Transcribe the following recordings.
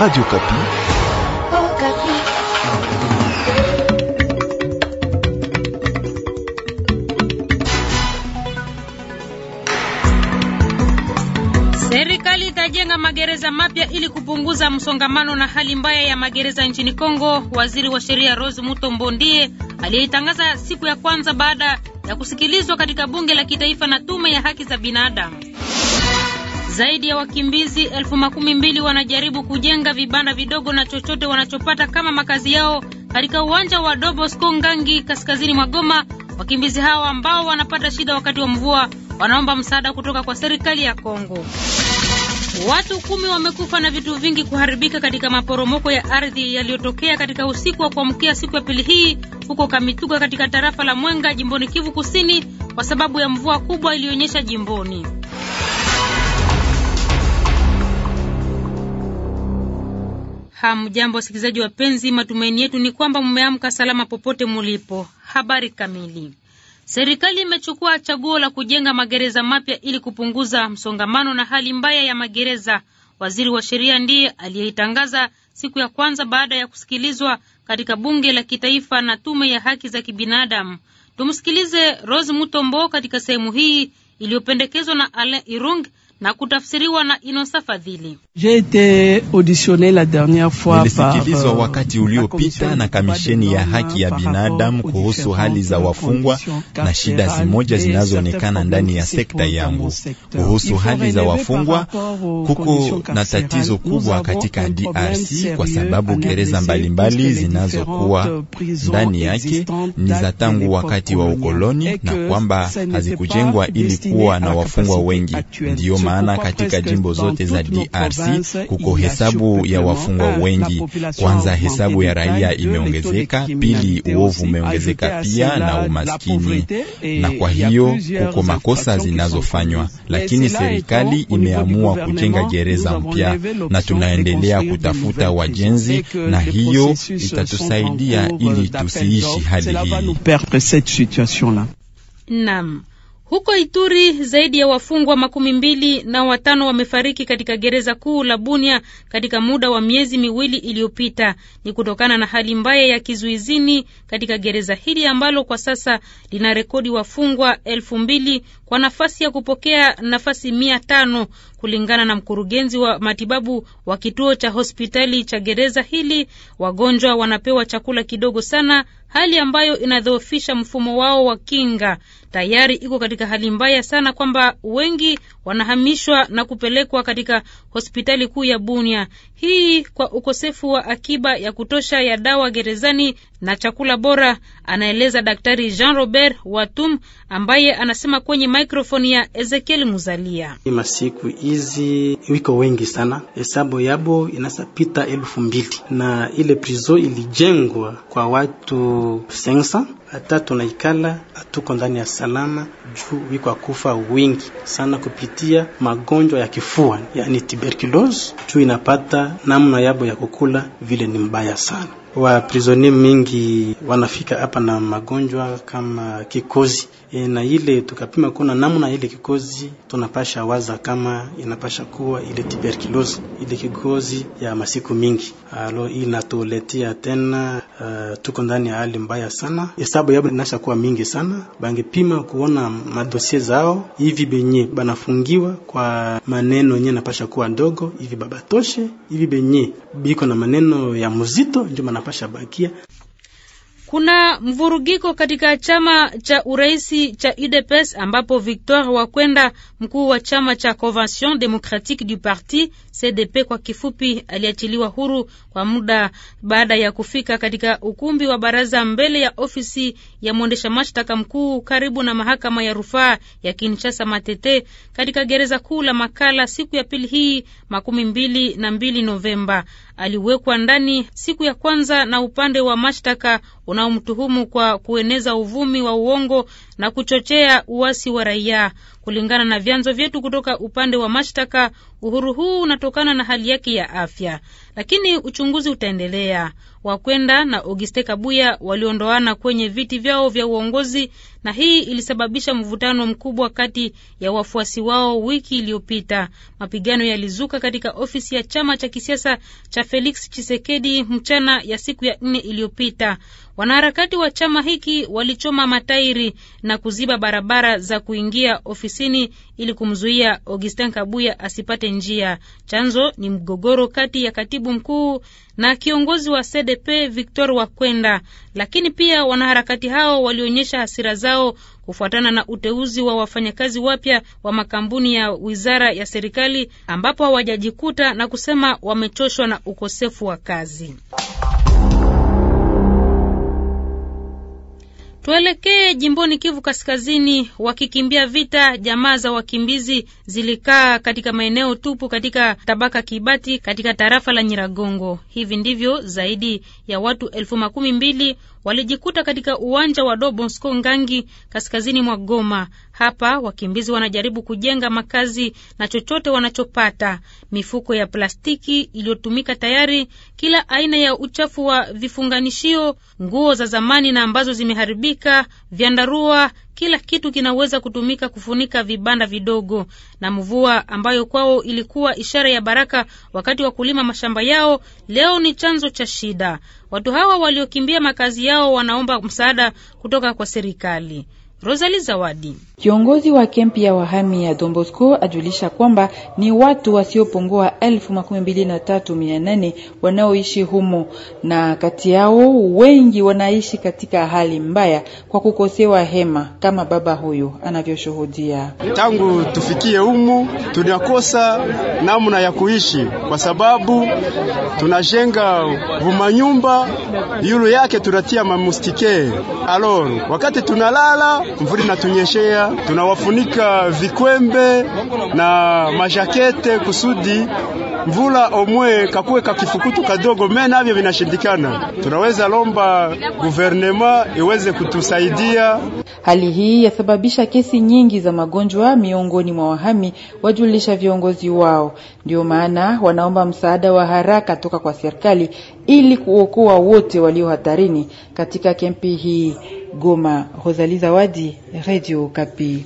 Radio Kapi. Oh, Kapi. Serikali itajenga magereza mapya ili kupunguza msongamano na hali mbaya ya magereza nchini Kongo. Waziri wa Sheria Rose Mutombo ndiye aliyeitangaza siku ya kwanza baada ya kusikilizwa katika bunge la kitaifa na tume ya haki za binadamu. Zaidi ya wakimbizi elfu makumi mbili wanajaribu kujenga vibanda vidogo na chochote wanachopata kama makazi yao katika uwanja wa dobo Ngangi kaskazini mwa Goma. Wakimbizi hao ambao wanapata shida wakati wa mvua wanaomba msaada kutoka kwa serikali ya Kongo. Watu kumi wamekufa na vitu vingi kuharibika katika maporomoko ya ardhi yaliyotokea katika usiku wa kuamkia siku ya pili hii huko Kamituga katika tarafa la Mwenga jimboni Kivu Kusini kwa sababu ya mvua kubwa iliyonyesha jimboni. Hamjambo wasikilizaji wapenzi, matumaini yetu ni kwamba mmeamka salama popote mulipo. Habari kamili. Serikali imechukua chaguo la kujenga magereza mapya ili kupunguza msongamano na hali mbaya ya magereza. Waziri wa sheria ndiye aliyeitangaza siku ya kwanza baada ya kusikilizwa katika bunge la kitaifa na tume ya haki za kibinadamu. Tumsikilize Rose Mutombo katika sehemu hii iliyopendekezwa na Alain Irung na kutafsiriwa na Inosa Fadhili. Nilisikilizwa wakati uliopita na kamisheni ya haki ya binadamu kuhusu hali za wafungwa na shida zimoja zinazoonekana ndani ya sekta yangu. Kuhusu hali za wafungwa, kuko na tatizo kubwa katika DRC kwa sababu gereza mbalimbali zinazokuwa ndani yake ni za tangu wakati wa ukoloni na kwamba hazikujengwa ili kuwa na wafungwa wengi, ndiyo maana katika jimbo zote za DRC kuko hesabu ya wafungwa wengi. Kwanza, hesabu ya raia imeongezeka; pili, uovu umeongezeka pia na umaskini, na kwa hiyo kuko makosa zinazofanywa, lakini serikali imeamua kujenga gereza mpya na tunaendelea kutafuta wajenzi, na hiyo itatusaidia ili tusiishi hali hii. Naam. Huko Ituri zaidi ya wafungwa makumi mbili na watano wamefariki katika gereza kuu la Bunia katika muda wa miezi miwili iliyopita. Ni kutokana na hali mbaya ya kizuizini katika gereza hili ambalo kwa sasa lina rekodi wafungwa elfu mbili kwa nafasi ya kupokea nafasi mia tano kulingana na mkurugenzi wa matibabu wa kituo cha hospitali cha gereza hili. Wagonjwa wanapewa chakula kidogo sana, hali ambayo inadhoofisha mfumo wao wa kinga. Tayari iko katika hali mbaya sana kwamba wengi wanahamishwa na kupelekwa katika hospitali kuu ya Bunia. Hii kwa ukosefu wa akiba ya kutosha ya dawa gerezani na chakula bora, anaeleza Daktari Jean Robert Watum ambaye anasema kwenye mikrofoni ya Ezekiel Muzalia. Masiku hizi wiko wengi sana, hesabu yabo inasapita elfu mbili na ile prizo ilijengwa kwa watu sensa hata tunaikala hatuko ndani ya salama juu wiko akufa wingi sana kupitia magonjwa ya kifua, yani tuberculose, juu inapata namna yabo ya kukula vile ni mbaya sana waprizonie mingi wanafika hapa na magonjwa kama kikozi e, na ile tukapima kuna namna ile kikozi tunapasha waza kama inapasha kuwa ile tuberculosis ile kikozi ya masiku mingi. Alo inatuletea tena uh, tuko ndani ya hali mbaya sana, hesabu yabo inasha kuwa mingi sana. Bangepima kuona madosie zao hivi benye banafungiwa kwa maneno yenye napasha kuwa ndogo hivi babatoshe hivi benye biko na maneno ya muzito ndio anapasha bakia. Kuna mvurugiko katika chama cha uraisi cha UDPS ambapo Victor Wakwenda, mkuu wa chama cha Convention Democratique du Parti CDP kwa kifupi, aliachiliwa huru kwa muda baada ya kufika katika ukumbi wa baraza mbele ya ofisi ya mwendesha mashtaka mkuu karibu na mahakama ya rufaa ya Kinshasa Matete katika gereza kuu la Makala siku ya pili hii makumi mbili na mbili Novemba. Aliwekwa ndani siku ya kwanza na upande wa mashtaka unaomtuhumu kwa kueneza uvumi wa uongo na kuchochea uasi wa raia. Kulingana na vyanzo vyetu kutoka upande wa mashtaka, uhuru huu unatokana na hali yake ya afya lakini uchunguzi utaendelea. Wakwenda na Auguste Kabuya waliondoana kwenye viti vyao vya uongozi na hii ilisababisha mvutano mkubwa kati ya wafuasi wao. Wiki iliyopita mapigano yalizuka katika ofisi ya chama cha kisiasa cha Felix chisekedi mchana ya siku ya nne iliyopita. Wanaharakati wa chama hiki walichoma matairi na kuziba barabara za kuingia ofisini ili kumzuia Augustin Kabuya asipate njia. Chanzo ni mgogoro kati ya katibu mkuu na kiongozi wa CDP Victor Wakwenda, lakini pia wanaharakati hao walionyesha hasira zao kufuatana na uteuzi wa wafanyakazi wapya wa makampuni ya wizara ya serikali ambapo hawajajikuta na kusema wamechoshwa na ukosefu wa kazi. Tuelekee jimboni Kivu Kaskazini. Wakikimbia vita, jamaa za wakimbizi zilikaa katika maeneo tupu katika tabaka Kibati katika tarafa la Nyiragongo. Hivi ndivyo zaidi ya watu elfu makumi mbili walijikuta katika uwanja wa Do Bosco Ngangi kaskazini mwa Goma. Hapa wakimbizi wanajaribu kujenga makazi na chochote wanachopata: mifuko ya plastiki iliyotumika tayari, kila aina ya uchafu wa vifunganishio, nguo za zamani na ambazo zimeharibika kadhalika vyandarua, kila kitu kinaweza kutumika kufunika vibanda vidogo. Na mvua ambayo kwao ilikuwa ishara ya baraka wakati wa kulima mashamba yao, leo ni chanzo cha shida. Watu hawa waliokimbia makazi yao wanaomba msaada kutoka kwa serikali. Rosalie Zawadi, kiongozi wa kempi ya wahami ya Dombosco, ajulisha kwamba ni watu wasiopungua elfu makumi mbili na tatu mia nane wanaoishi humo, na kati yao wengi wanaishi katika hali mbaya kwa kukosewa hema, kama baba huyu anavyoshuhudia. Tangu tufikie humu, tunakosa namna ya kuishi kwa sababu tunajenga vumanyumba yulu yake tunatia mamustike alor, wakati tunalala mvula inatunyeshea, tunawafunika vikwembe na majakete kusudi mvula omwe kakuwe kakifukutu kadogo, me navyo vinashindikana. Tunaweza lomba guvernema iweze kutusaidia. Hali hii yasababisha kesi nyingi za magonjwa miongoni mwa wahami, wajulisha viongozi wao. Ndio maana wanaomba msaada wa haraka toka kwa serikali ili kuokoa wote walio hatarini katika kempi hii. Goma, Rosalie Zawadi, Radio Kapi.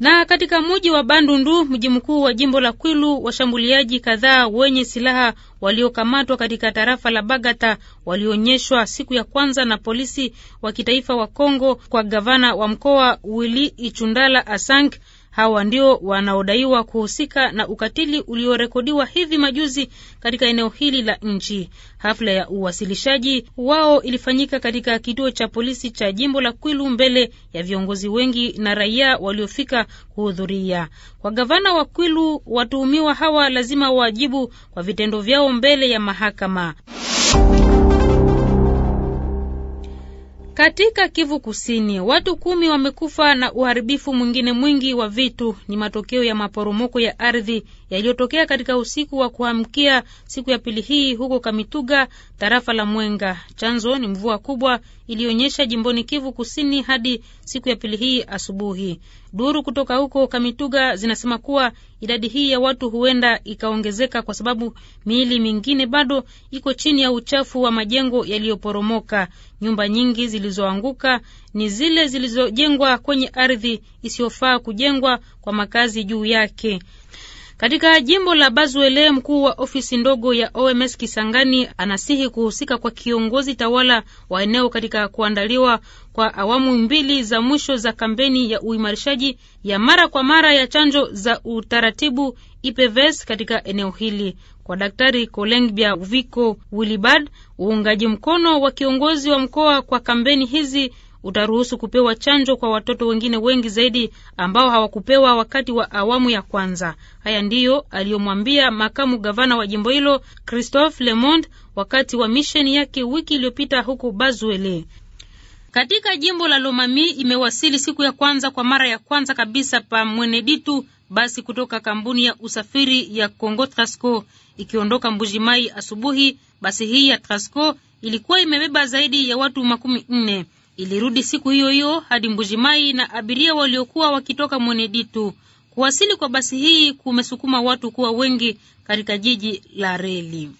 Na katika mji wa Bandundu, mji mkuu wa jimbo la Kwilu, washambuliaji kadhaa wenye silaha waliokamatwa katika tarafa la Bagata walionyeshwa siku ya kwanza na polisi wa kitaifa wa Kongo kwa gavana wa mkoa Willy Ichundala Asank Hawa ndio wanaodaiwa kuhusika na ukatili uliorekodiwa hivi majuzi katika eneo hili la nchi. Hafla ya uwasilishaji wao ilifanyika katika kituo cha polisi cha jimbo la Kwilu mbele ya viongozi wengi na raia waliofika kuhudhuria. Kwa gavana wa Kwilu, watuhumiwa hawa lazima wajibu kwa vitendo vyao mbele ya mahakama. Katika Kivu Kusini, watu kumi wamekufa na uharibifu mwingine mwingi wa vitu ni matokeo ya maporomoko ya ardhi yaliyotokea katika usiku wa kuamkia siku ya pili hii huko Kamituga, tarafa la Mwenga. Chanzo ni mvua kubwa iliyonyesha jimboni Kivu Kusini hadi siku ya pili hii asubuhi. Duru kutoka huko Kamituga zinasema kuwa idadi hii ya watu huenda ikaongezeka kwa sababu miili mingine bado iko chini ya uchafu wa majengo yaliyoporomoka. Nyumba nyingi zilizoanguka ni zile zilizojengwa kwenye ardhi isiyofaa kujengwa kwa makazi juu yake. Katika jimbo la Bazuele, mkuu wa ofisi ndogo ya OMS Kisangani anasihi kuhusika kwa kiongozi tawala wa eneo katika kuandaliwa kwa awamu mbili za mwisho za kampeni ya uimarishaji ya mara kwa mara ya chanjo za utaratibu IPVS katika eneo hili. Kwa Daktari Kolengbia Viko Wilibad, uungaji mkono wa kiongozi wa mkoa kwa kampeni hizi utaruhusu kupewa chanjo kwa watoto wengine wengi zaidi ambao hawakupewa wakati wa awamu ya kwanza. Haya ndiyo aliyomwambia makamu gavana wa jimbo hilo Christophe Lemond wakati wa misheni yake wiki iliyopita huko Bazuele. Katika jimbo la Lomami imewasili siku ya kwanza kwa mara ya kwanza kabisa pa Mweneditu basi kutoka kampuni ya usafiri ya Congo Trasco ikiondoka Mbujimai asubuhi. Basi hii ya Trasco ilikuwa imebeba zaidi ya watu makumi nne ilirudi siku hiyo hiyo hadi Mbujimai na abiria waliokuwa wakitoka Mweneditu. Kuwasili kwa basi hii kumesukuma watu kuwa wengi katika jiji la reli.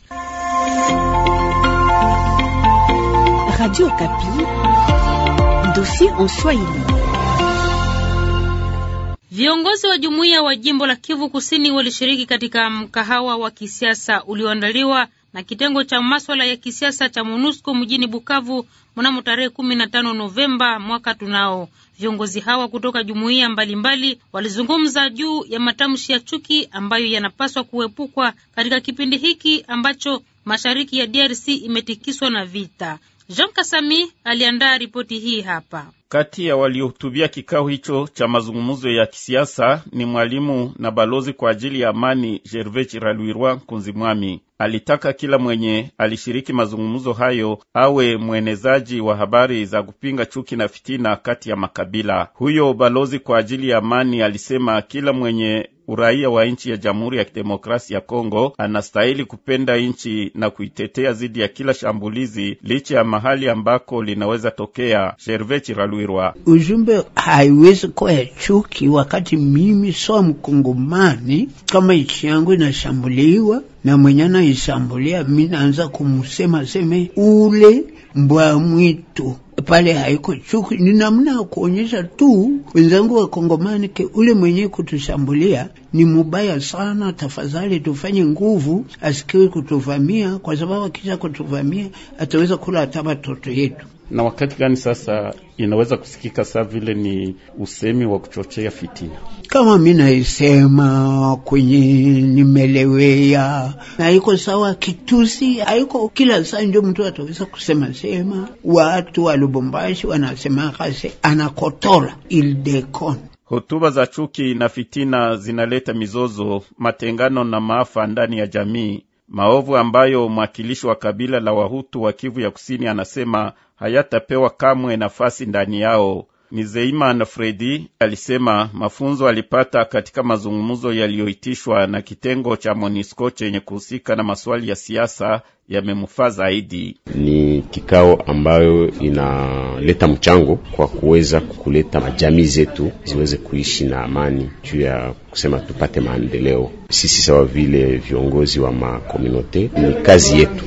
Viongozi wa jumuiya wa jimbo la Kivu Kusini walishiriki katika mkahawa wa kisiasa ulioandaliwa na kitengo cha maswala ya kisiasa cha MONUSCO mjini Bukavu mnamo tarehe 15 Novemba mwaka tunao. Viongozi hawa kutoka jumuiya mbalimbali walizungumza juu ya matamshi ya chuki ambayo yanapaswa kuepukwa katika kipindi hiki ambacho mashariki ya DRC imetikiswa na vita. Jean Kasami aliandaa ripoti hii hapa. Kati ya waliohutubia kikao hicho cha mazungumzo ya kisiasa ni mwalimu na balozi kwa ajili ya amani Gervais Chiralwirwa Kunzimwami. Alitaka kila mwenye alishiriki mazungumzo hayo awe mwenezaji wa habari za kupinga chuki na fitina kati ya makabila. Huyo balozi kwa ajili ya amani alisema kila mwenye uraia wa nchi ya Jamhuri ya Kidemokrasia ya Kongo anastahili kupenda nchi na kuitetea dhidi ya kila shambulizi, licha ya mahali ambako linaweza tokea. gerve Chiralwirwa: ujumbe haiwezi kuwa ya chuki, wakati mimi soa mkongomani, kama nchi yangu inashambuliwa na mwenye anaishambulia minaanza kumusema seme ule mbwa mwitu pale haiko chuki, ni namna ya kuonyesha tu wenzangu wa Kongomani ke ule mwenye kutushambulia ni mubaya sana. Tafadhali tufanye nguvu asikiwe kutuvamia, kwa sababu akisha kutuvamia ataweza kula hata watoto yetu na wakati gani sasa inaweza kusikika saa vile ni usemi wa kuchochea fitina, kama mi naisema kwenye nimelewea, haiko sawa. Kitusi haiko kila saa ndio mtu ataweza kusema sema. Watu wa Lubumbashi wanasema kase anakotola ildekon Hotuba za chuki na fitina zinaleta mizozo, matengano na maafa ndani ya jamii, maovu ambayo mwakilishi wa kabila la Wahutu wa Kivu ya Kusini anasema hayatapewa kamwe nafasi ndani yao nizeimana Fredi alisema mafunzo alipata katika mazungumzo yaliyoitishwa na kitengo cha MONUSCO chenye kuhusika na maswali ya siasa yamemufaa zaidi. Ni kikao ambayo inaleta mchango kwa kuweza kuleta majamii zetu ziweze kuishi na amani, juu ya kusema tupate maendeleo. Sisi sawa vile viongozi wa makomunote, ni kazi yetu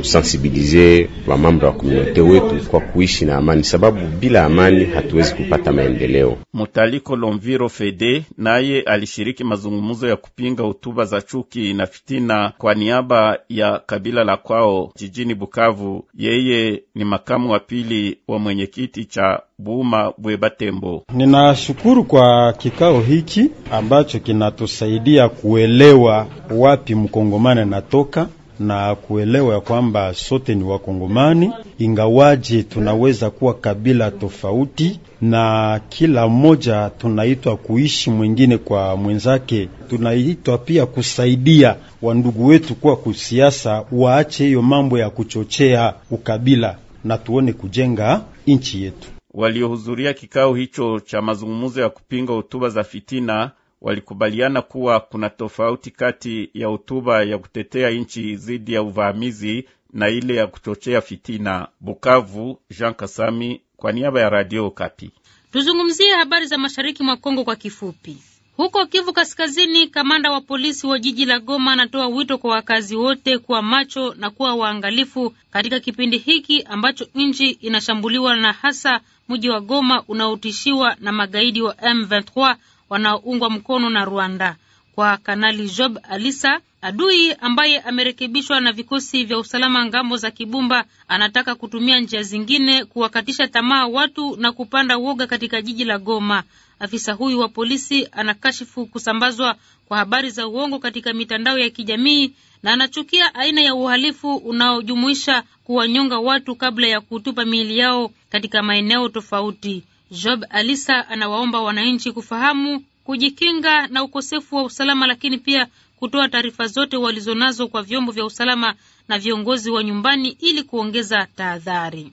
tusensibilize wamambo wa komunote wetu kwa kuishi na amani, sababu bila amani hatuwezi kupata maendeleo. Mutaliko Lomviro Fede naye alishiriki mazungumzo ya kupinga hotuba za chuki na fitina kwa niaba ya kabila la kwao jijini Bukavu. Yeye ni makamu wa pili wa mwenyekiti cha Buma Bwebatembo. Ninashukuru kwa kikao hiki ambacho kinatusaidia kuelewa wapi mkongomani anatoka na kuelewa ya kwamba sote ni Wakongomani, ingawaje tunaweza kuwa kabila tofauti, na kila mmoja tunaitwa kuishi mwingine kwa mwenzake. Tunaitwa pia kusaidia wandugu wetu kuwa kusiasa, waache hiyo mambo ya kuchochea ukabila na tuone kujenga nchi yetu. Waliohudhuria kikao hicho cha mazungumzo ya kupinga hotuba za fitina walikubaliana kuwa kuna tofauti kati ya hotuba ya kutetea nchi dhidi ya uvamizi na ile ya kuchochea fitina. Bukavu, Jean Kasami kwa niaba ya Radio Kapi. Tuzungumzie habari za mashariki mwa Kongo kwa kifupi. Huko Kivu Kaskazini, kamanda wa polisi wa jiji la Goma anatoa wito kwa wakazi wote kuwa macho na kuwa waangalifu katika kipindi hiki ambacho nchi inashambuliwa na hasa mji wa Goma unaotishiwa na magaidi wa M23 wanaoungwa mkono na Rwanda. Kwa Kanali Job Alisa, adui ambaye amerekebishwa na vikosi vya usalama ngambo za Kibumba, anataka kutumia njia zingine kuwakatisha tamaa watu na kupanda woga katika jiji la Goma. Afisa huyu wa polisi anakashifu kusambazwa kwa habari za uongo katika mitandao ya kijamii na anachukia aina ya uhalifu unaojumuisha kuwanyonga watu kabla ya kutupa miili yao katika maeneo tofauti. Job Alisa anawaomba wananchi kufahamu kujikinga na ukosefu wa usalama, lakini pia kutoa taarifa zote walizonazo kwa vyombo vya usalama na viongozi wa nyumbani ili kuongeza tahadhari.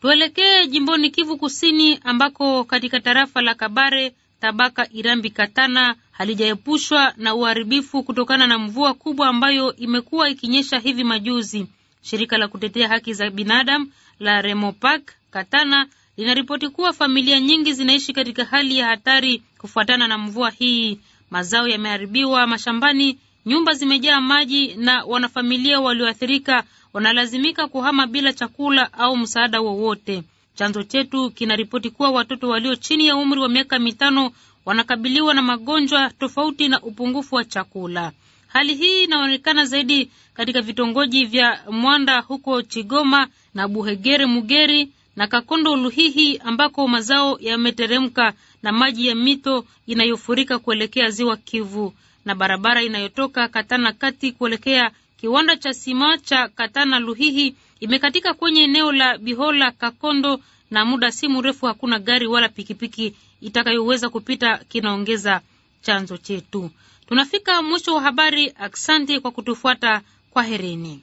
Tuelekee jimboni Kivu Kusini ambako katika tarafa la Kabare tabaka Irambi Katana halijaepushwa na uharibifu kutokana na mvua kubwa ambayo imekuwa ikinyesha hivi majuzi. Shirika la kutetea haki za binadamu la Remopak Katana linaripoti kuwa familia nyingi zinaishi katika hali ya hatari kufuatana na mvua hii. Mazao yameharibiwa mashambani, nyumba zimejaa maji na wanafamilia walioathirika wanalazimika kuhama bila chakula au msaada wowote. Chanzo chetu kinaripoti kuwa watoto walio chini ya umri wa miaka mitano wanakabiliwa na magonjwa tofauti na upungufu wa chakula. Hali hii inaonekana zaidi katika vitongoji vya Mwanda huko Chigoma na Buhegere Mugeri na Kakondo Luhihi ambako mazao yameteremka na maji ya mito inayofurika kuelekea ziwa Kivu na barabara inayotoka Katana kati kuelekea kiwanda cha sima cha Katana Luhihi imekatika kwenye eneo la Bihola Kakondo, na muda si mrefu hakuna gari wala pikipiki itakayoweza kupita, kinaongeza chanzo chetu. Tunafika mwisho wa habari. Asante kwa kutufuata, kwaherini.